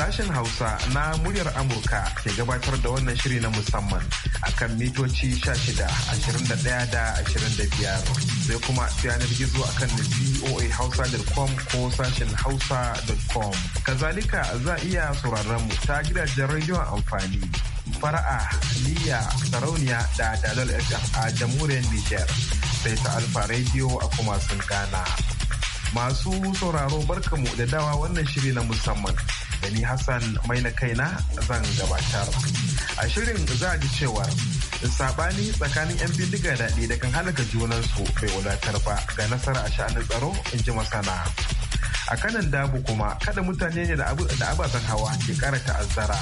sashen Hausa na muryar Amurka ke gabatar da wannan shiri na musamman akan mitoci 16, 21 da 25 sai kuma yanar gizo akan da hausa.com ko sashen hausa.com. Kazalika za iya sauraron mu ta gidajen rediyon amfani. Fara'a, Niyya, Sarauniya da Dalal FM a jamhuriyar Nijar sai ta Alfa Radio a kuma sun gana Masu sauraro barkamu da dawa wannan shiri na musamman da ni Hassan mai na kaina zan gabatar. A shirin za a ji cewar sabani tsakanin 'yan bindiga daɗi da kan halaka junansu bai wadatar ba ga nasara a sha'anin tsaro in ji masana. A kanan dabu kuma kada mutane ne da ababen hawa ke kara ta'azzara.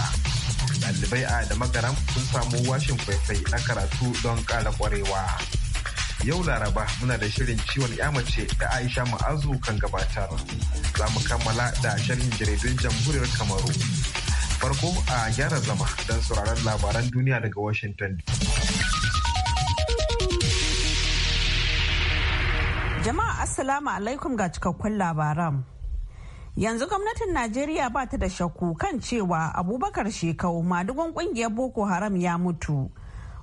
Ɗalibai a da magaram sun samu washin faifai na karatu don ƙara ƙwarewa. Yau Laraba muna da shirin ciwon mace da Aisha Ma'azu kan gabatar. Za mu kammala da shirin jaridun jamhuriyar Kamaru. Farko a gyara zama don sauraron labaran duniya daga Washington. Jama'a Assalamu alaikum ga cikakkun labaran. Yanzu gwamnatin Najeriya ba ta da shakku kan cewa Abubakar Shekau madugun kungiyar Boko Haram ya mutu.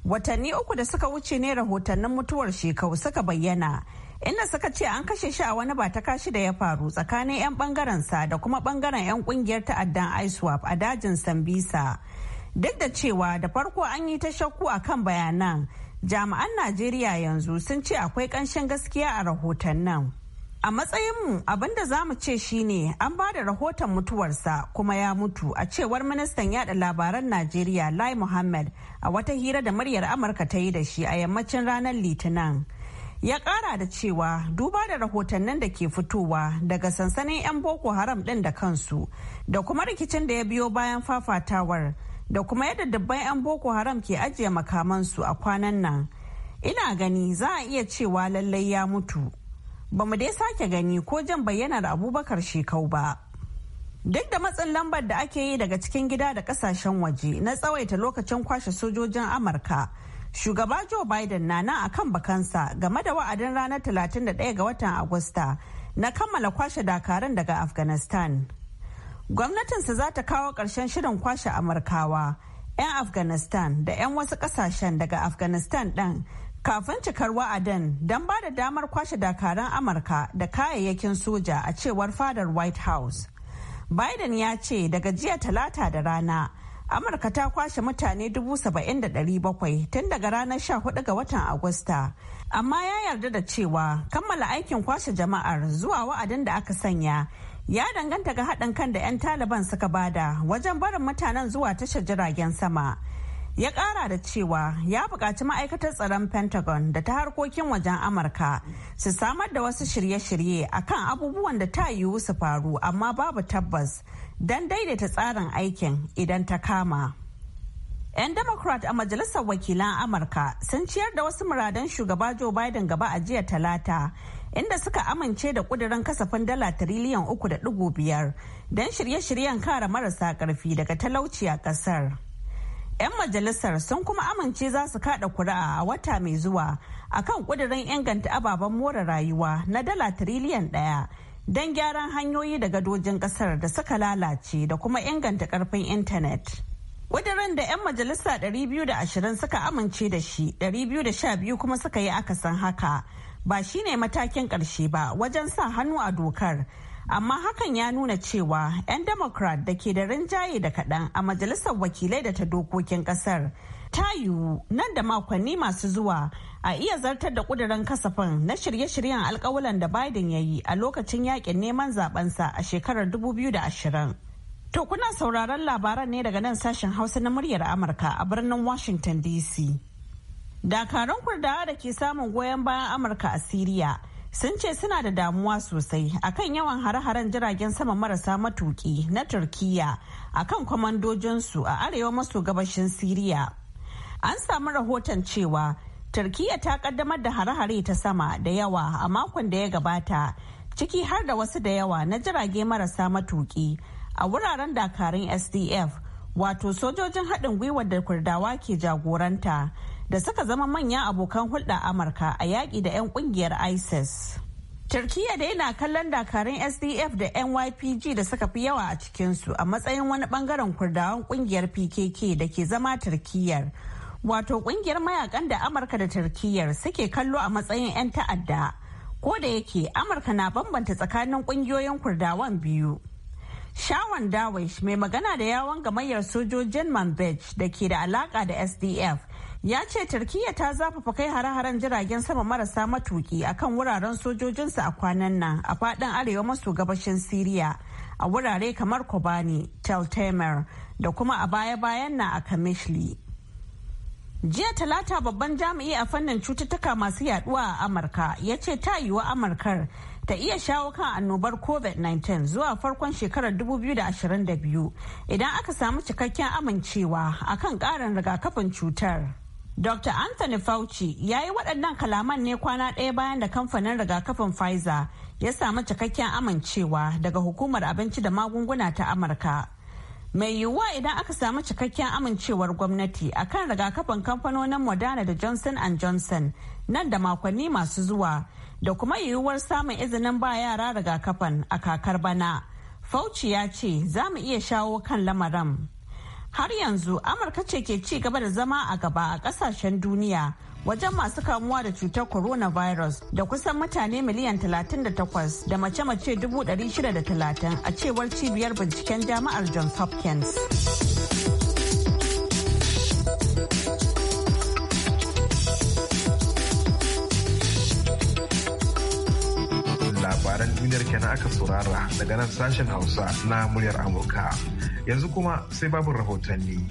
watanni uku da suka wuce ne rahotannin mutuwar shekau suka bayyana inda suka ce an kashe shi a wani ba ta kashi da ya faru tsakanin 'yan bangaren sa da kuma bangaren 'yan kungiyar ta'addan iswap a dajin sambisa duk da cewa da farko an yi ta shakku a kan bayanan jami'an najeriya yanzu sun ce akwai ƙanshin gaskiya a rahotannin. A matsayin matsayinmu abinda za mu ce shine an ba da rahoton mutuwarsa kuma ya mutu a cewar ministan yada labaran Najeriya Lai Muhammad a wata hira da muryar Amurka ta yi da shi a yammacin ranar Litinin. Ya kara da cewa duba da rahotannin da ke fitowa daga sansanin 'yan Boko Haram ɗin da kansu da kuma rikicin da ya biyo bayan fafatawar da kuma yadda dabban 'yan Boko Haram ke ajiye makamansu a kwanan nan. Ina gani za a iya cewa lallai ya mutu. ba mu dai sake gani ko jan bayyanar abubakar shekau ba duk da matsin lambar da ake yi daga cikin gida da kasashen waje na tsawaita lokacin kwashe sojojin amurka shugaba joe biden na nan akan bakansa game da wa'adin ranar 31 ga watan agusta na kammala kwashe dakarun daga afghanistan gwamnatinsa za ta kawo ƙarshen shirin kwashe amurkawa 'yan afghanistan da 'yan wasu ƙasashen daga afghanistan ɗin kafin cikar wa'adin don ba da damar kwashe dakaran amurka da kayayyakin soja a cewar fadar white house biden ya ce daga jiya talata da rana amurka ta kwashe mutane bakwai tun daga ranar 14 ga watan agusta amma ya yarda da cewa kammala aikin kwashe jama'ar zuwa wa'adin da aka sanya ya danganta ga haɗin kan da 'yan taliban suka bada wajen barin mutanen zuwa tashar jiragen sama. ya kara da cewa ya buƙaci ma'aikatar tsaron pentagon da ta harkokin wajen amurka su samar da wasu shirye-shirye akan abubuwan da ta yiwu su faru amma babu tabbas don daidaita tsarin aikin idan ta kama 'yan democrat a majalisar wakilan amurka sun ciyar da wasu muradan shugaba joe biden gaba a jiya talata inda suka amince da kudirin kasafin dala tiriliyan uku da biyar don shirye-shiryen kara marasa karfi daga talauci a kasar 'Yan majalisar sun kuma amince za su kada kuri'a a wata mai zuwa akan kudirin inganta ababen more rayuwa na dala tiriliyan daya don gyaran hanyoyi da gadojin kasar da suka lalace da kuma inganta karfin intanet. Kudirin da 'yan majalisa 220 suka amince da shi 212 kuma suka yi akasin haka ba shine matakin karshe ba wajen sa hannu a dokar. amma hakan ya nuna cewa 'yan democrat da ke da rinjaye da kaɗan a majalisar wakilai da ta dokokin ƙasar ta yiwu nan da makonni masu zuwa a iya zartar da ƙudurin kasafin na shirye-shiryen alkawalan da biden ya yi a lokacin yakin neman zabensa a shekarar 2020 to kuna sauraron labaran ne daga nan sashen hausa na muryar amurka a birnin washington dc dakarun kurdawa da ke samun goyon bayan amurka a siriya sun ce suna da damuwa sosai akan yawan hare-haren jiragen sama marasa matuki na turkiya akan kwamandojinsu a arewa maso gabashin siriya an samu rahoton cewa turkiya ta kaddamar da hare-hare ta sama da yawa a makon da ya gabata ciki har da wasu da yawa na jirage marasa matuki a wuraren dakarun sdf wato sojojin haɗin gwiwar da kurdawa ke jagoranta da suka zama manyan abokan hulɗa amurka a yaƙi da 'yan ƙungiyar isis Turkiyya dai na kallon dakarun sdf da nypg da suka fi yawa a cikinsu a matsayin wani bangaren kurdawan ƙungiyar pkk da ke zama turkiyar wato ƙungiyar mayakan da amurka da turkiyyar suke kallo a matsayin 'yan ta'adda ko da yake amurka na bambanta tsakanin ƙungiyoyin kurdawan biyu shawan dawish mai magana da yawon gamayyar sojojin manbij da ke da alaka da sdf ya ce turkiyya ta zafafa kai hare-haren jiragen sama marasa matuki akan wuraren sojojinsu a kwanan nan a fadin arewa maso gabashin siriya a wurare kamar kobani teltemer da kuma a baya-bayan na a kamishli jiya talata babban jami'i a fannin cututtuka masu yaduwa a amurka ya ce ta yiwu amurkar ta iya shawo kan annobar covid-19 zuwa farkon shekarar 2022 idan aka samu cikakken amincewa akan karin rigakafin cutar. Dr. Anthony Fauci ya yi waɗannan kalaman ne kwana ɗaya bayan da kamfanin rigakafin Pfizer ya samu cikakken amincewa daga hukumar abinci da magunguna ta Amurka. Mai yiwuwa idan aka samu cikakken amincewar gwamnati akan rigakafin kamfanonin Moderna da Johnson Johnson nan da makonni masu zuwa da kuma yiwuwar samun izinin ba yara rigakafin a kakar bana. Fauci ya ce za mu iya shawo kan lamarin. har yanzu amurka ce ke ci gaba da zama a gaba a kasashen duniya wajen masu kamuwa da cutar coronavirus da kusan mutane miliyan 38 da mace-mace 630 a cewar cibiyar binciken jami'ar johns hopkins labaran duniyar kenan aka saurara daga nan sashen hausa na muryar amurka yanzu kuma sai babu rahotanni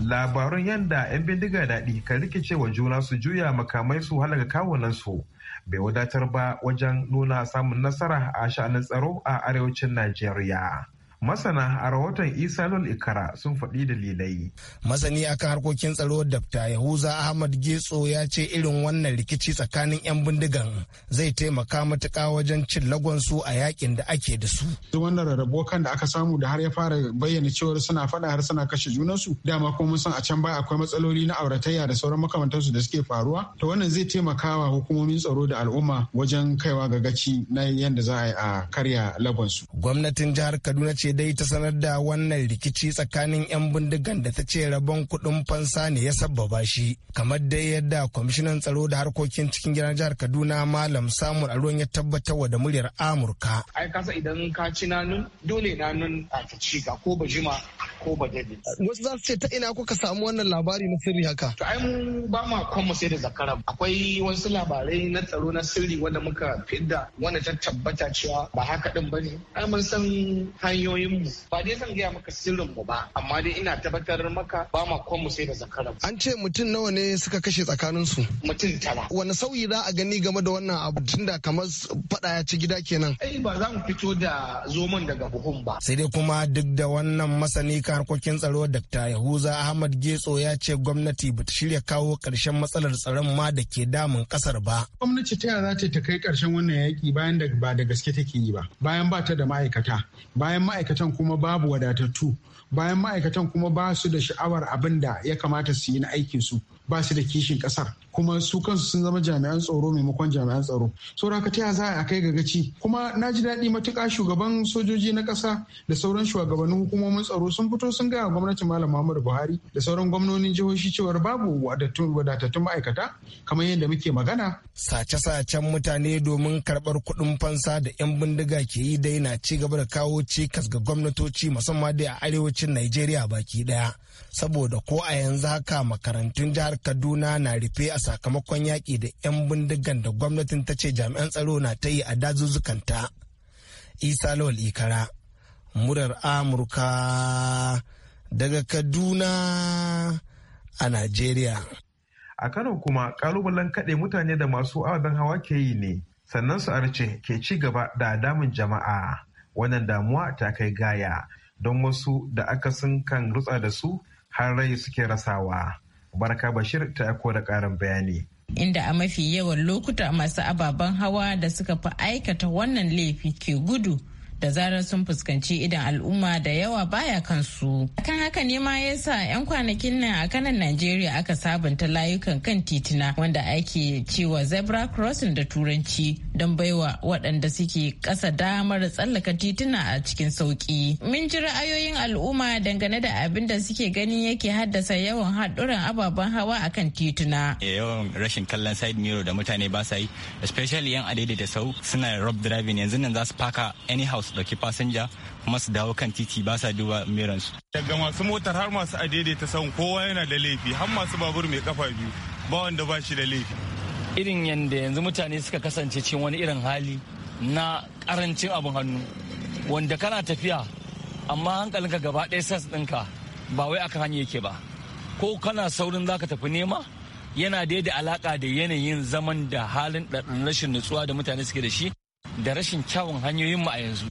labarun yadda 'yan bindiga daɗi kan wa juna su juya makamai su halaga kawunansu bai wadatar ba wajen nuna samun nasara a sha'anin tsaro a arewacin najeriya Masana a rahoton Isalol Ikara sun faɗi dalilai. Masani akan harkokin tsaro dabta Yahuza Ahmad Getso ya ce irin wannan rikici tsakanin 'yan bindigan zai taimaka matuka wajen cin lagonsu a yakin da ake da su. Wannan rarrabo kan da aka samu da har ya fara bayyana cewar suna faɗa har suna kashe junansu dama kuma mun san a can baya akwai matsaloli na auratayya da sauran makamantansu da suke faruwa to wannan zai taimakawa hukumomin tsaro da al'umma wajen kaiwa ga gaci na yadda za a yi a karya lagonsu. Gwamnatin jihar Kaduna ce dai ta sanar da wannan rikici tsakanin 'yan bindigan da ta ce rabon kuɗin fansa ne ya sabbaba shi kamar dai yadda kwamishinan tsaro da harkokin cikin gidan jihar kaduna malam samun aron ya tabbatar wa da muryar amurka ai kasa idan ka ci nanun dole nanun a ta ci ga ko bajima ko bagade. Wasu za su ce ta ina kuka samu wannan labari na sirri haka? To ai mu ba sai da zakara. Akwai wasu labarai na tsaro na sirri wanda muka fidda wanda ta tabbata cewa ba haka din bane. Ai mun san hanyoyin mu. Ba dai zan gaya maka sirrin mu ba amma dai ina tabbatar maka ba ma mu sai da zakara. An ce mutum nawa ne suka kashe tsakanin su? Mutum tara. Wani sauyi za a gani game da wannan abu tunda kamar faɗa ya ci gida kenan. Ai ba za mu fito da zomon daga buhun ba. Sai dai kuma duk da wannan masani ka harkokin tsaro Dr. Yahuza Ahmad Getso ya ce gwamnati bata shirya kawo karshen matsalar tsaron ma da ke damun ƙasar ba. Gwamnati ta za ta kai ƙarshen wannan yaƙi bayan da ba da gaske take yi ba, bayan ba ta da ma'aikata, bayan ma'aikatan kuma babu wadatattu, bayan ma'aikatan kuma ba su da sha'awar abin da ya kamata su yi na aikin su, ba su da kishin ƙasar. kuma su kansu sun zama jami'an tsaro maimakon jami'an tsaro saboda haka za a kai ga gaci kuma na ji daɗi matuƙa shugaban sojoji na ƙasa da sauran shugabannin hukumomin tsaro sun fito sun gaya gwamnatin malam muhammadu buhari da sauran gwamnonin jihohi cewar babu wadatattun ma'aikata kamar yadda muke magana sace-sacen mutane domin karɓar kuɗin fansa da 'yan bindiga ke yi dai na ci gaba da kawo cikas ga gwamnatoci musamman dai a arewacin najeriya baki ɗaya saboda ko a yanzu haka makarantun jihar kaduna na rufe a sakamakon yaƙi da 'yan bindigan da gwamnatin ta ce jami'an tsaro na ta yi a dazuzzukanta. Isa Lawal Ikara, murar Amurka daga Kaduna a nigeria. A Kano kuma kalubalen kaɗe mutane da masu awadan hawa ke yi ne, sannan su arce ke ci gaba da damun jama'a. Wannan damuwa ta kai gaya don wasu da aka sun kan rutsa da su har rai suke rasawa. Barka Bashir ta aiko da karin bayani. Inda a mafi yawan lokuta masu ababen hawa da suka fi aikata wannan laifi ke gudu da zarar sun fuskanci idan al'umma da yawa baya kansu. kan haka ne ma ya sa 'yan kwanakin nan a kanan Najeriya aka sabunta layukan kan titina wanda ake cewa zebra crossing da turanci don baiwa waɗanda suke ƙasa damar tsallaka tituna a cikin sauƙi. Mun ji ra'ayoyin al'umma dangane da abin da suke gani yake haddasa yawan haɗuran ababen hawa a kan tituna. Yawan rashin kallon side mirror da mutane ba sa yi, especially yan adaidaita sau suna rob driving yanzu nan za su faka any house dauki fasinja kuma su dawo kan titi ba sa duba su. daga masu motar har masu adaidaita san kowa yana da laifi har masu babur mai kafa biyu ba wanda ba shi da laifi. irin yadda yanzu mutane suka kasance cikin wani irin hali na karancin abin hannu wanda kana tafiya amma hankalinka gaba ɗaya sas ɗinka ba wai akan hanya yake ba ko kana saurin zaka tafi nema yana da da alaka da yanayin zaman da halin rashin nutsuwa da mutane suke da shi da rashin kyawun hanyoyin mu a yanzu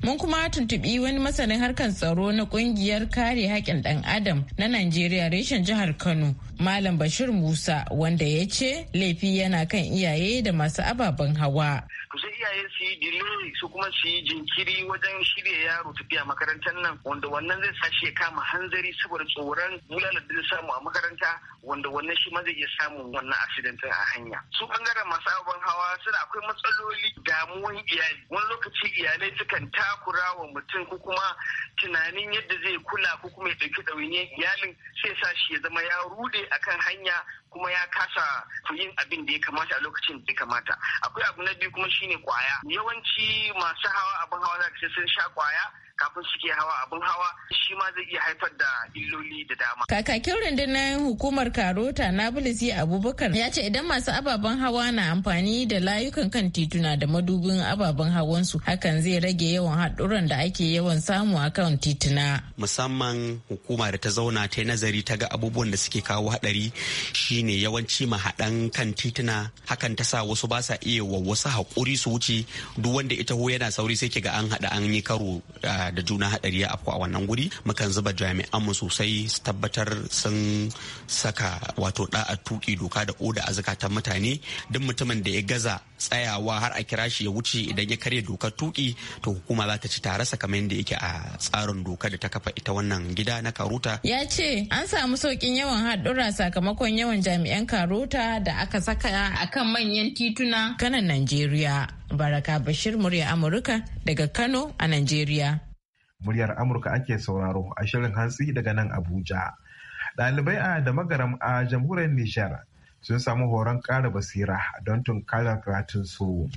Mun kuma tuntuɓi wani masanin harkar tsaro na ƙungiyar kare haƙƙin ɗan adam na Najeriya reshen jihar Kano, Malam Bashir Musa, wanda ya ce laifi yana kan iyaye da masu ababen hawa. kusan iyaye su yi delay su kuma su yi jinkiri wajen shirya yaro tafiya makarantar nan wanda wannan zai sashi ya kama hanzari saboda tsoron bulalar da samu a makaranta wanda wannan shi ma zai iya samun wannan accident a hanya su bangaren masu abin hawa suna akwai matsaloli damuwan iyali wani lokaci iyalai sukan takura wa mutum ko kuma tunanin yadda zai kula ko kuma ya ɗauki ɗawainiyar iyalin sai sa shi ya zama ya rude kan hanya kuma ya kasa yin abin da ya kamata a lokacin da ya kamata akwai abu na biyu kuma shine kwaya yawanci masu hawa abin hawa za ka sun sha kwaya kafin su ke hawa abin hawa shi ma zai iya haifar da illoli da dama. Kakakin rundunar hukumar Karota Nabilisi Abubakar ya ce idan masu ababen hawa na amfani da layukan kan tituna da madubin ababen hawansu hakan zai rage yawan haɗuran da ake yawan samu a kan tituna. Musamman hukuma da ta zauna ta nazari ta ga abubuwan da suke kawo haɗari shine yawanci mahaɗan kan tituna hakan ta sa wasu ba sa iya wa wasu haƙuri su wuce duk wanda ita ho yana sauri sai ke ga an haɗa an yi karo eh, da juna hadari ya afko a wannan guri mukan zuba jami'an mu sosai su tabbatar sun saka wato a tuki doka da oda a zakatan mutane duk mutumin da ya gaza tsayawa har a kira shi ya wuce idan ya karya dokar tuki to hukuma za ta ci tare sa kamar yadda yake a tsarin doka da ta kafa ita wannan gida na karuta ya ce an samu saukin yawan haɗura sakamakon yawan jami'an karuta da aka saka a kan manyan tituna kanan najeriya baraka bashir murya amurka daga kano a najeriya Muryar Amurka ake sauraro a shirin hantsi daga nan Abuja. Ɗalibai a da magaram a jamhuriyar Nijar sun samu horon ƙara basira don tunkarar karatunsu.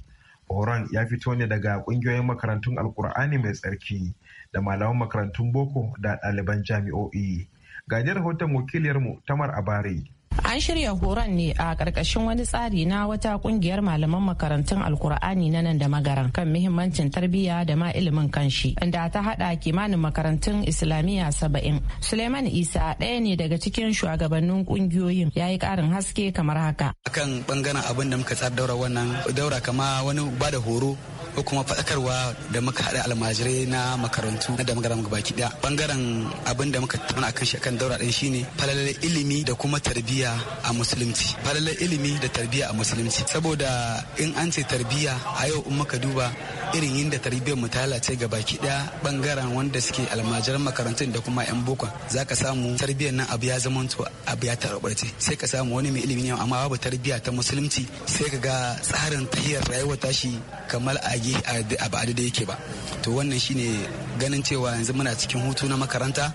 Horon ya fito ne daga ƙungiyoyin makarantun Alƙur'ani mai tsarki da malaman makarantun boko da ɗaliban jami'o'i. Ga rahoton wakiliyarmu Tamar Abari. An shirya horon ne a ƙarƙashin wani tsari na wata ƙungiyar malaman makarantun Alkur'ani na nan da magaran kan muhimmancin tarbiyya da ma ilimin kanshi, inda ta haɗa kimanin makarantun Islamiyya saba'in. Suleiman Isa ɗaya ne daga cikin shugabannin ƙungiyoyin ya yi ƙarin haske kamar haka. Akan ɓangaren abin da muka tsar daura wannan daura kama wani bada horo ko kuma faɗakarwa da muka haɗa almajirai na makarantu na da mu baki ɗaya bangaren abin da muka tattauna akan shi akan daura ɗin shine falalar ilimi da kuma tarbiya a musulunci falalar ilimi da tarbiya a musulunci saboda in an ce tarbiya a yau in muka duba irin yin da tarbiyyar mu ta lalace ga baki daya bangaren wanda suke almajiran makarantun da kuma yan boko za ka samu tarbiyyar nan abu ya zama abu ya tarbarce sai ka samu wani mai ilimi amma babu tarbiyya ta musulunci sai ka ga tsarin tahiyar rayuwar shi kamar a a ba da yake ba to wannan shine ganin cewa yanzu muna cikin hutu na makaranta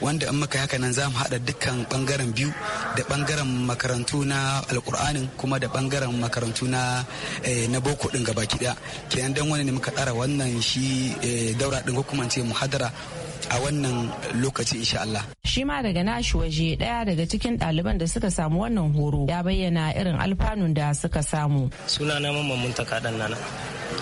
wanda in muka haka nan za mu haɗa dukkan ɓangaren biyu da ɓangaren makarantu na alƙur'anin kuma da ɓangaren makarantu na eh, na boko ɗin gaba kenan dan wani ne muka ɗara wannan shi eh, daura ɗin ko muhadara a wannan lokaci insha Allah. Shi ma daga nashi waje ɗaya daga cikin ɗaliban da suka samu wannan horo ya bayyana irin alfanun da suka samu. Sunana Mamman Muntaka nana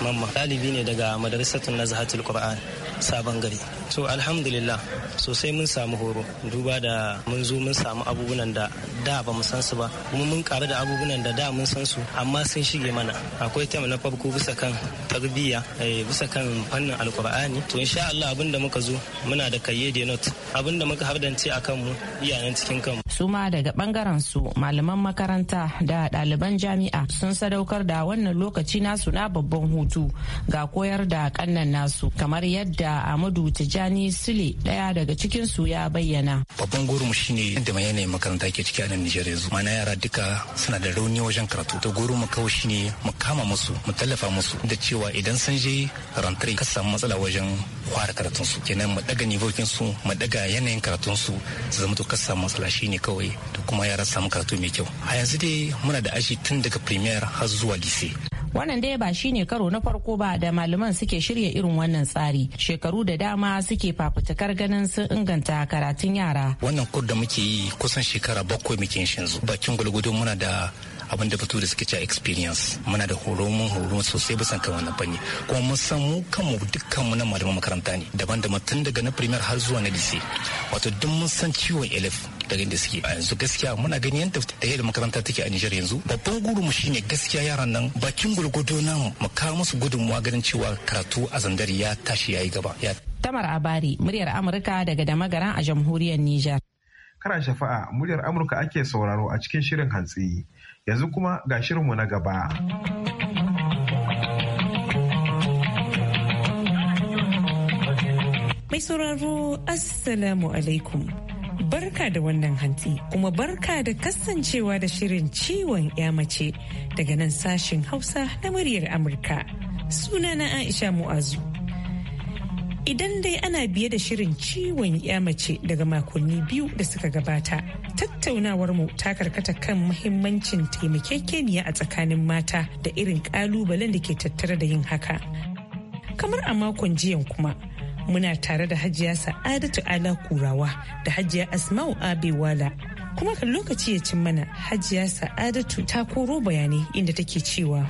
Mamma ɗalibi ne daga Madrasatun Nazahatul Qur'an sabon gari. to alhamdulillah sosai mun samu horo duba da mun zo mun samu abubuwan da da ba mu san su ba kuma mun karu da abubuwan da da mun san su amma sun shige mana akwai tema na farko bisa kan tarbiyya eh, bisa kan fannin alkur'ani to insha Allah abinda muka zo muna da kayyade not abinda da muka hardance a kanmu iyayen cikin kanmu suma daga bangaren su malaman makaranta da ɗaliban jami'a sun sadaukar da wannan lokaci nasu na babban hutu ga koyar da kannan nasu kamar yadda Amadu Tijjani Tijjani Sule daya daga cikin su ya bayyana. Babban gurin shine yadda mai yanayin makaranta ke ciki a nan Nijar yanzu. Mana yara duka suna da rauni wajen karatu. To gurin mu kawai shine mu kama musu, mu tallafa musu da cewa idan sun je rantre ka samu matsala wajen fara karatunsu. su. Kenan mu daga nivokin su, mu daga yanayin karatun su, su zama to ka samu matsala shine kawai da kuma yara samu karatu mai kyau. A yanzu dai muna da aji tun daga premier har zuwa lise. wannan dai ba shine karo na farko ba da malaman suke shirya irin wannan tsari shekaru da dama suke fafutukar ganin sun inganta karatun yara wannan kur da muke yi kusan shekara bakwai muke yanzu bakin gulgudun muna da abin da fito da suke cewa experience muna da horo mun horo sosai bisan kan wannan fanni kuma mun san mu kanmu dukkan mu na malaman makaranta ne daban-daban tun daga na primary har zuwa na lise wato duk mun san ciwon elif daga inda suke a yanzu gaskiya muna gani yadda ta da makaranta take a Nijar yanzu babban guru mu shine gaskiya yaran nan bakin gurgudo namu mu kawo musu gudunmuwa ganin cewa karatu a zandari ya tashi yayi gaba Tamar Abari muryar Amurka daga Damagaran a jamhuriyar Nijar Kana shafa'a muryar Amurka ake sauraro a cikin shirin hantsi yanzu kuma ga shirin mu na gaba Mai sauraro Assalamu alaikum barka da wannan hantsi kuma barka da kasancewa da shirin ciwon mace daga nan sashen Hausa na muryar Amurka. suna na Aisha Mu'azu. Idan dai ana biye da shirin ciwon mace daga makonni biyu da suka gabata, tattaunawarmu ta karkata kan muhimmancin taimakekeniya a tsakanin mata da irin kalubalen da ke tattare da yin haka. Kamar a makon jiyan kuma. muna tare da hajiya sa'adatu ala kurawa da hajiya asma'u abewala kuma kan lokaci ya cin mana hajiya sa'adatu ta koro bayanai inda take cewa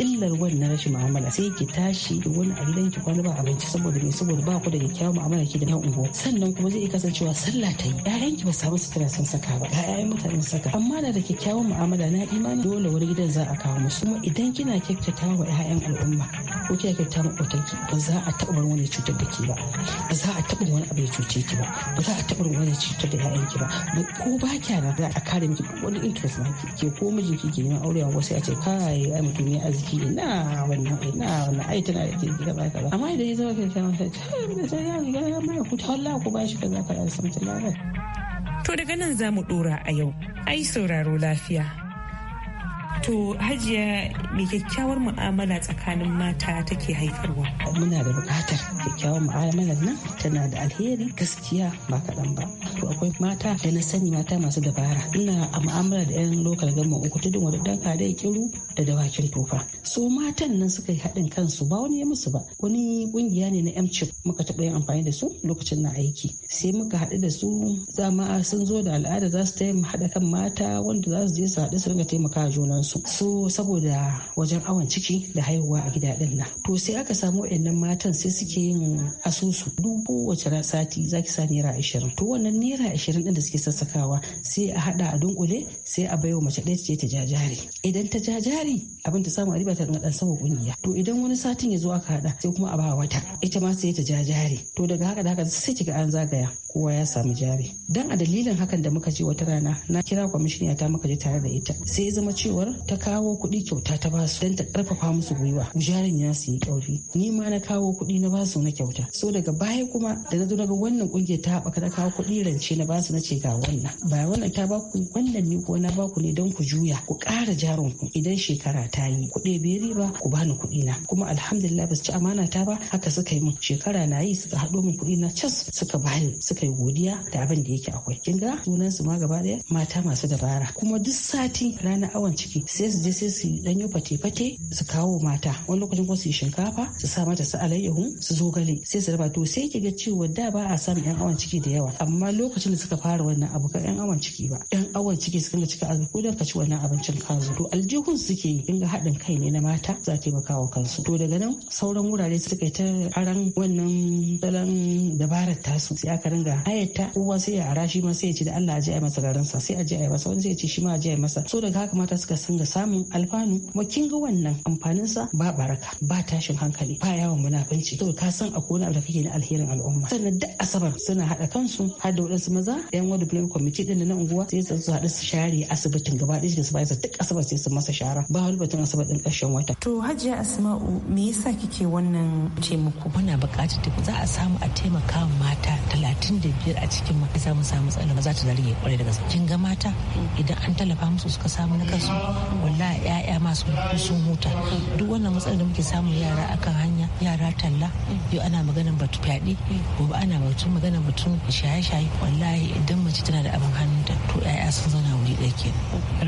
illar wannan rashin mu'amala sai ki tashi ki wani a gidan ki kwana ba abinci saboda me saboda ba ku da kyakkyawan mu'amala ki da yan ungo sannan kuma zai kasancewa sallah ta yi ƴaƴan ki ba samu sutura sun saka ba ƴaƴan mutanen saka amma da da kyakkyawan mu'amala na imani dole wani gidan za a kawo musu kuma idan kina kyakkyata wa ƴaƴan al'umma ko kina kyakkata maƙotanki ba za a taɓa wani cutar da ke ba ba za a taɓa wani abu ya cuce ki ba ba za a taɓa wani cutar da ƴaƴanki ba ko ba kya na za a kare miki wani interest na ke ko mijinki ke neman aure wasu ya ce kai ai mutum ne arziki kirki na wannan na wannan ai tana da kirki gaba gaba amma idan ya zama kirki masa ta sai ya riga ya mai ku talla ku bashi ka kaza sun tilla to daga nan za mu dora a yau ai sauraro lafiya To hajiya mai kyakkyawar mu'amala tsakanin mata take haifarwa. Muna da bukatar kyakkyawar mu'amala nan tana da alheri gaskiya ba kaɗan ba. To akwai mata da na sani mata masu dabara. Ina a mu'amala da 'yan lokal gama uku ta wadda dan kada kiru da dawakin tofa. So matan nan suka yi haɗin kansu ba wani ya musu ba. Wani ƙungiya ne na MC muka taɓa yin amfani da su lokacin na aiki. Sai muka haɗu da su zama sun zo da al'ada za su taimaka haɗa kan mata wanda za su je su haɗu su ringa taimaka junansu. su so saboda wajen awon ciki da haihuwa a gida din nan to sai aka samu wayannan matan sai suke yin asusu dubu wace sati zaki sa naira ashirin to wannan naira ashirin din da suke sassakawa sai a hada a dunkule sai a baiwa mace ɗaya ce ta jari idan ta jajari abin ta samu a riba ta dan sama kungiya to idan wani satin ya zo aka hada sai kuma a ba wata ita ma sai ta jajari to daga haka da haka sai kiga an zagaya kowa ya samu jari dan a dalilin hakan da muka je wata rana na kira ya ta muka je tare da ita sai ya zama cewar ta kawo kuɗi kyauta ta basu dan ta karfafa musu gwiwa jarin ya su yi kyauri ni ma na kawo kuɗi na basu na kyauta so daga baya kuma da na zo daga wannan kungiyar ta haɓaka na kawo kuɗi rance na basu na ce ga wannan ba wannan ta baku wannan ni ko na baku ne don ku juya ku kara jarin ku idan shekara ta yi kuɗe bai riba ku bani kuɗi na kuma alhamdulillah ba su ci amana ta ba haka suka yi min shekara na yi suka haɗo min kuɗi na cas suka bani suka suka yi godiya da abin da yake akwai kinga sunan su ma gaba daya mata masu dabara kuma duk sati ranar awon ciki sai su je sai su dan yi fate-fate su kawo mata wani lokacin ko su yi shinkafa su sa mata su alayyahu su zo gale sai su raba to sai ki ga cewa da ba a samun yan awan ciki da yawa amma lokacin da suka fara wannan abu kan yan awan ciki ba yan awan ciki suka ga cika ko da ka ci wannan abincin kansu to aljihun suke yi kin ga haɗin kai ne na mata za ta taimaka kansu to daga nan sauran wurare suka yi ta aran wannan salon dabarar tasu sai aka ringa da ayata uwa sai ya ara shi ma sai ya ci da Allah ya ji ai masa garin sai a ji ai masa wani sai ya ci shi ma ji ai masa so daga haka mata suka ga samun alfanu kuma kin ga wannan amfanin sa ba baraka ba tashin hankali ba yawan munafanci to ka san a kona da kake na alherin al'umma sannan duk asabar suna hada kansu har da wadansu maza yan ward plan committee din na unguwa sai su hada su share asibitin gaba ɗaya su bayar duk asabar sai su masa shara ba wani batun asabar din ƙarshen wata to hajiya asma'u me yasa kike wannan taimako muna buƙatar za a samu a taimaka mata talatin biyar a cikin mu sai mu samu matsala ba za ta zarge kwarai da gaske kin ga mata idan an tallafa musu suka samu na kasu wallahi ƴaƴa masu sun huta duk wannan matsalar da muke samun yara akan hanya yara talla yau ana maganar batu fyaɗe gobe ana batun maganar batun shaye-shaye wallahi idan mace tana da abin hannunta to ƴaƴa sun zauna wuri ɗaya ke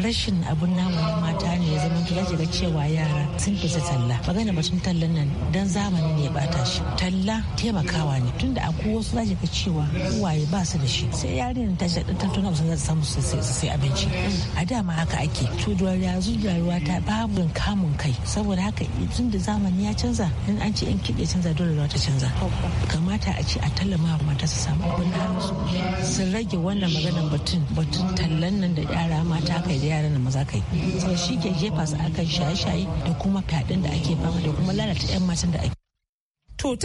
rashin abun namu mata ne ya zama ki ga cewa yara sun fita talla maganar batun tallan nan dan zamani ne ya bata shi talla taimakawa ne tunda akwai wasu zaki ga cewa uwaye ba su da shi sai yarinyar ta shaɗi ta tuna musamman da samu sai abinci mm. a da ma haka ake to da yanzu da ruwa ta babu kamun kai saboda haka tun da zamani ya canza in an ce in kike canza dole ruwa ta canza kamata a ce a tallama mata su samu abin hannu su rage wannan maganar batun batun tallan nan da yara mata kai da yaran maza kai sai shi ke jefa su akan shaye-shaye da kuma fadin da ake fama da kuma lalata 'yan matan da ake To mu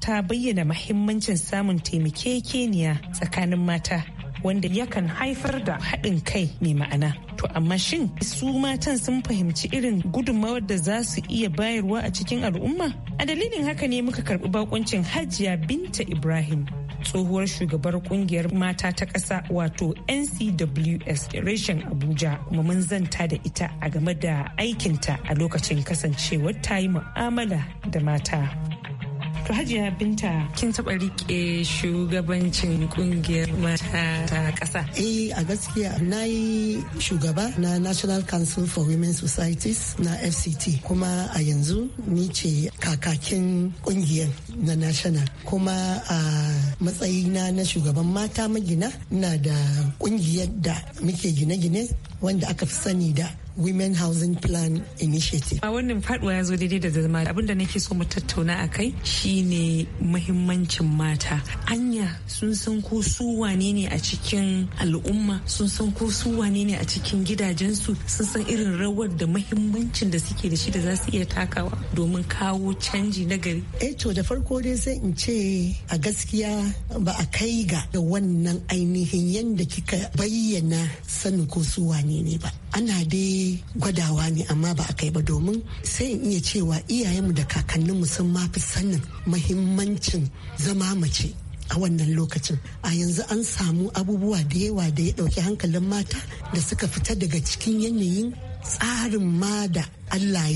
ta bayyana mahimmancin samun taimakekeniya tsakanin mata wanda yakan haifar da haɗin kai mai ma'ana. To amma shin su matan sun fahimci irin gudunmawar da za su iya bayarwa a cikin al'umma? A dalilin haka ne muka karɓi bakuncin Hajiya Binta Ibrahim. tsohuwar shugabar kungiyar mata ta ƙasa wato ncws reshen abuja kuma mun zanta da ita a game da aikinta a lokacin kasancewar ta yi mu'amala da mata To Hajiya Binta. Kin taɓa riƙe shugabancin ƙungiyar mata ta ƙasa? Eh a gaskiya na yi shugaba na National Council for Women Societies na FCT kuma a yanzu ni ce kakakin ƙungiyar na National kuma a matsayina na shugaban mata magina na da ƙungiyar da muke gine-gine wanda aka fi sani da women housing plan initiative a wannan faduwa ya zo daidai da zama abinda nake so mu tattauna a kai shine muhimmancin mata anya sun san ko su wane ne a cikin al'umma sun san ko su wane ne a cikin gidajensu sun san irin rawar da muhimmancin da suke da shi da za su iya takawa domin kawo canji na gari eh to da farko dai sai in ce a gaskiya ba a kai ga da wannan ainihin yadda kika bayyana sanin ko su wane ne ba ana dai gwadawa ne amma ba a kai ba domin sai in iya cewa iyayenmu da kakanninmu sun mafi sanin mahimmancin zama mace a wannan lokacin a yanzu an samu abubuwa da yawa da ya ɗauki hankalin mata da suka fita daga cikin yanayin tsarin ma da Allah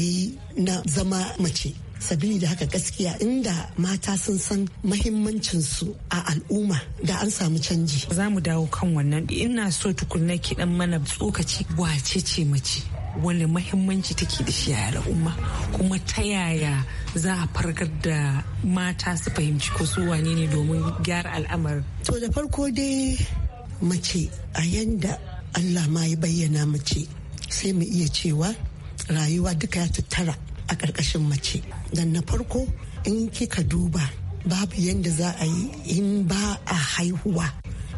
na zama mace sabili da haka gaskiya inda mata sun san mahimmancin su a al'umma da an samu canji za mu dawo kan wannan ina so tukunna ki dan mana tsokaci wace ce mace wani mahimmanci take da shi a al'umma kuma ta yaya za a fargar da mata su fahimci ko su wane ne domin gyara al'amar to da farko dai mace a yanda allah ma ya bayyana mace sai mu iya cewa rayuwa duka ya tattara a ƙarƙashin mace dan na farko in kika duba babu yadda za a yi in ba a haihuwa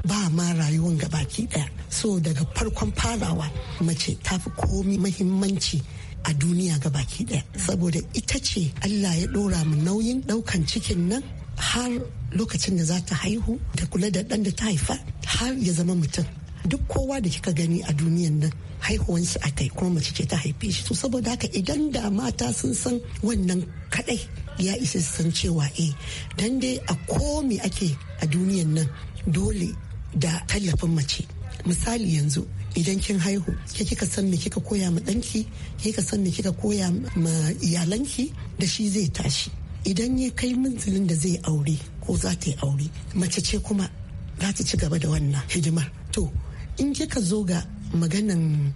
ba ma rayuwan gabaki ɗaya so daga farkon farawa mace ta fi komi mahimmanci a duniya gabaki ɗaya saboda ita ce allah ya ɗora mu nauyin ɗaukan cikin nan har lokacin da za ta haihu da kula da ɗan da ta haifa har ya zama mutum duk kowa da kika gani a duniyan nan haihuwan shi a kai kuma mace ce ta haife shi to saboda haka idan da mata sun san wannan kadai ya isa san cewa eh dan dai a komi ake a duniyan nan dole da tallafin mace misali yanzu idan kin haihu ke kika san me kika koya ma danki ke kika san me kika koya ma iyalanki da shi zai tashi idan ya kai minzilin da zai aure ko za ta yi aure mace ce kuma za ta ci gaba da wannan hidimar to in ka zo ga maganan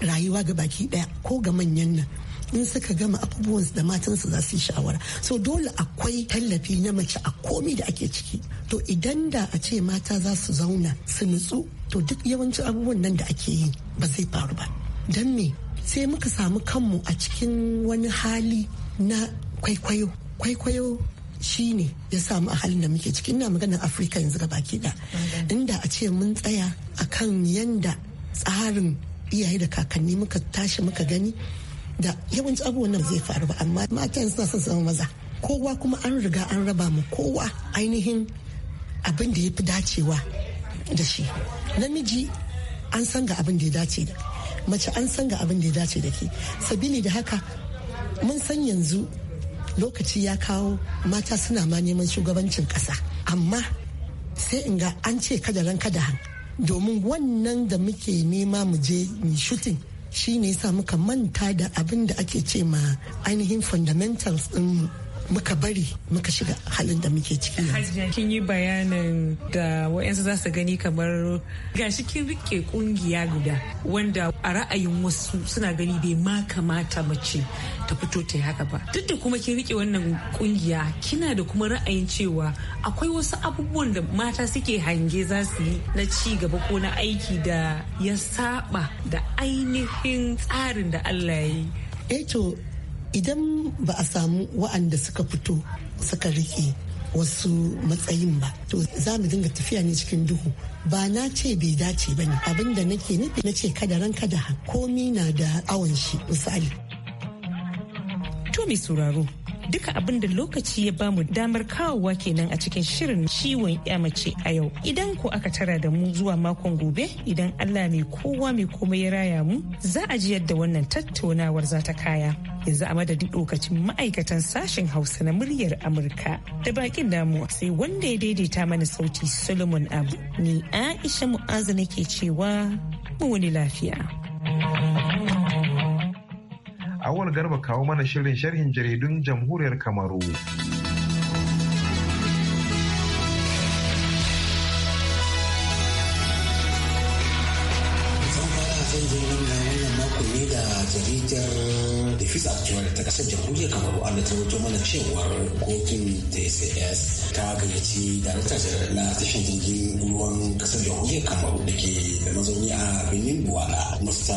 rayuwa ga baki daya ko ga manyan nan in suka gama abubuwan da matansu za su yi shawara so dole akwai tallafi na mace a komi da ake ciki to idan da a ce mata za su zauna su nutsu to duk yawancin abubuwan nan da ake yi ba zai faru ba don me sai muka samu kanmu a cikin wani hali na kwaikwayo kwaikwayo shi ne ya samu a halin da muke cikin na maganar afirka yanzu ga baki da inda a ce mun tsaya a kan yanda tsarin iyaye da kakanni muka tashi muka gani da yawanci abubuwan nan zai faru ba amma matan suna son zama maza kowa kuma an riga an raba mu kowa ainihin abin da ya fi dacewa da shi namiji an san ga abin da ya dace da mace an san ga abin da ya dace da ke sabili da haka mun san yanzu lokaci ya kawo mata suna ma neman shugabancin kasa amma sai in ga an ce kada ran kada han domin wannan da muke nema mu je ni shooting shi ne sa muka manta da abin da ake ce ma ainihin fundamentals ɗinmu muka bari muka shiga halin da muke ciki yanzu. kin yi bayanin da wa'yansu za su gani kamar gashi kin rike kungiya guda wanda a ra'ayin wasu suna gani bai ma kamata mace ta fito ta haka ba duk da kuma kin rike wannan kungiya kina da kuma ra'ayin cewa akwai wasu abubuwan da mata suke hange za su yi na ci gaba ko na aiki da ya saba da ainihin tsarin da Allah ya yi eto eh idan ba a samu wa'anda suka fito suka rike wasu matsayin ba to za mu dinga tafiya ne cikin duhu ba na ce bai dace ba ne abinda nake nufi na ce kada ran kada komi na da awon shi misali to mai sauraro duka abin da lokaci ya bamu damar kawowa kenan a cikin shirin ciwon mace a yau idan ko aka tara da mu zuwa makon gobe idan allah mai kowa mai komai ya raya mu za a ji yadda wannan tattaunawar za ta kaya yanzu a madadin lokacin ma'aikatan sashen hausa na muryar amurka da bakin namu sai wanda ya daidaita mana sauti solomon abu ni aisha mu'azu nake cewa mu wani lafiya awal garba kawo mana shirin sharhin jaridun jamhuriyar kamaru jaridar fis da ta kasar jamhuriyar kamaru an ta wato mana cewar kotun tcs ta gayyaci darakta janar na tashin jirgin ruwan kasar jamhuriyar kamaru da ke da mazauni a benin buwala musta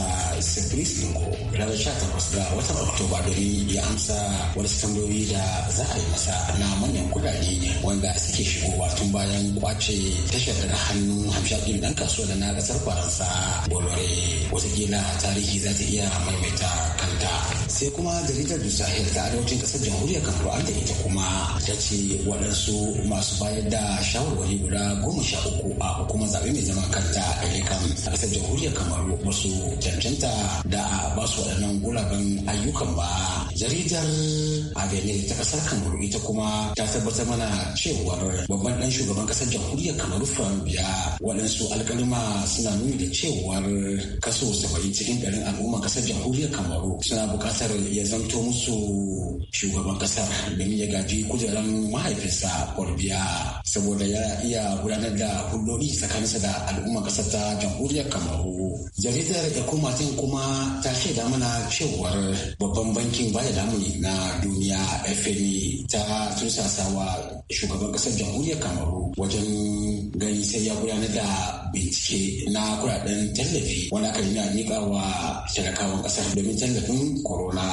sefris lingo ranar sha takwas ga watan oktoba dare ya amsa wani tambayoyi da za a yi masa na manyan kudade wanda suke shigowa tun bayan kwace tashar daga hannun hamshakin dan kasuwa da na kasar faransa bolore watakila tarihi za ta iya maimaita kanta sai kuma jaridar da zahir ta arewacin kasar jamhuriyar kamaru an da ita kuma ta ce waɗansu masu bayar da shawarwari guda goma sha uku a hukumar zaɓe mai zaman kanta elekam a kasar jamhuriyar kamaru wasu cancanta da a ba su waɗannan gulaben ayyukan ba jaridar avenir ta kasar kamaru ita kuma ta tabbatar mana cewar babban dan shugaban kasar jamhuriyar kamaru biya waɗansu alkalima suna nuni da cewar kaso saba'in cikin ɗarin al'umma kasar jamhuriyar kamaru suna buƙatar ya zanto musu shugaban ƙasar domin ya gaji kujeran mahaifinsa kwarbiya saboda ya iya gudanar da hulɗoɗi tsakaninsa da al'ummar kasar ta jamhuriyar Kamaru. Jaridar da kuma ta shaida mana cewar babban bankin bada lamuni na duniya FMI ta wa shugaban ƙasar jamhuriyar Kamaru wajen gani sai ya gudanar da bincike na kuɗaɗen tallafi wanda aka nuna miƙa wa talakawan ƙasar domin tallafin corona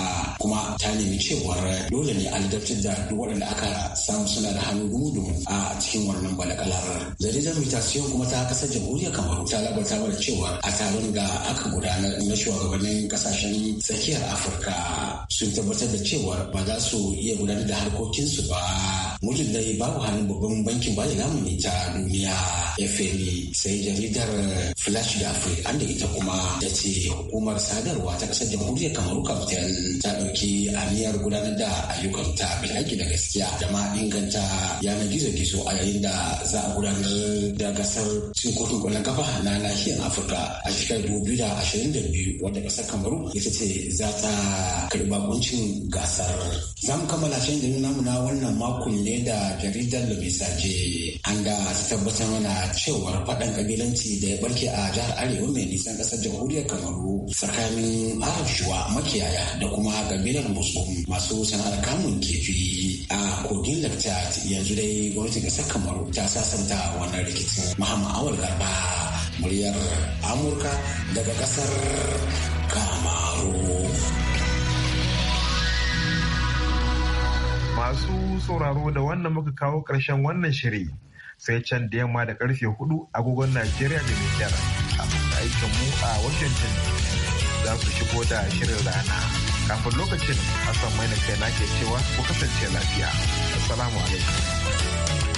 kuma ta nemi cewar dole ne a ladabtar da duk waɗanda aka samu suna da hannu gudu a cikin wannan balakalar. Jaridar Mutasiyon kuma ta kasar jamhuriyar Kamaru ta labarta mana cewa a taron da aka gudanar na shugabannin kasashen tsakiyar Afirka sun tabbatar da cewa ba za su iya gudanar da harkokinsu ba muddin dai babu hannun babban bankin bada namu ne ta duniya FM sai jaridar flash da africa an da ita kuma ta ce hukumar sadarwa ta kasar jamhuriyar kamaru capital ta ɗauki aniyar gudanar da ayyukan ta bilaki da gaskiya da ma inganta yanar gizo-gizo a yayin da za a gudanar da gasar cin kofin kwallon kafa na nahiyar afirka a shekarar dubu biyu da ashirin da kasar kamaru ita ce za ta karɓi bakuncin gasar. Za mu kammala shan namu na wannan makon ne da jaridar lumisaje an da ta tabbatar mana cewar faɗan kabilanci da ya barke a jihar arewa mai nisan ƙasar jamhuriyar kamaru tsakanin shuwa makiyaya da kuma kabilar musulun masu sana'ar kamun kifi a kogin lakcat yanzu dai gwamnatin ƙasar kamaru ta sasanta wannan rikicin muhammad awal garba muryar amurka daga ƙasar kamaru Masu sauraro da wannan muka kawo ƙarshen wannan shiri sai can da yamma da karfe hudu agogon Najeriya da Nijar a aikin mu a Washington za su shigo da shirin rana. Kafin lokacin, Hassan mai na kai na ke cewa ku kasance lafiya. Assalamu alaikum.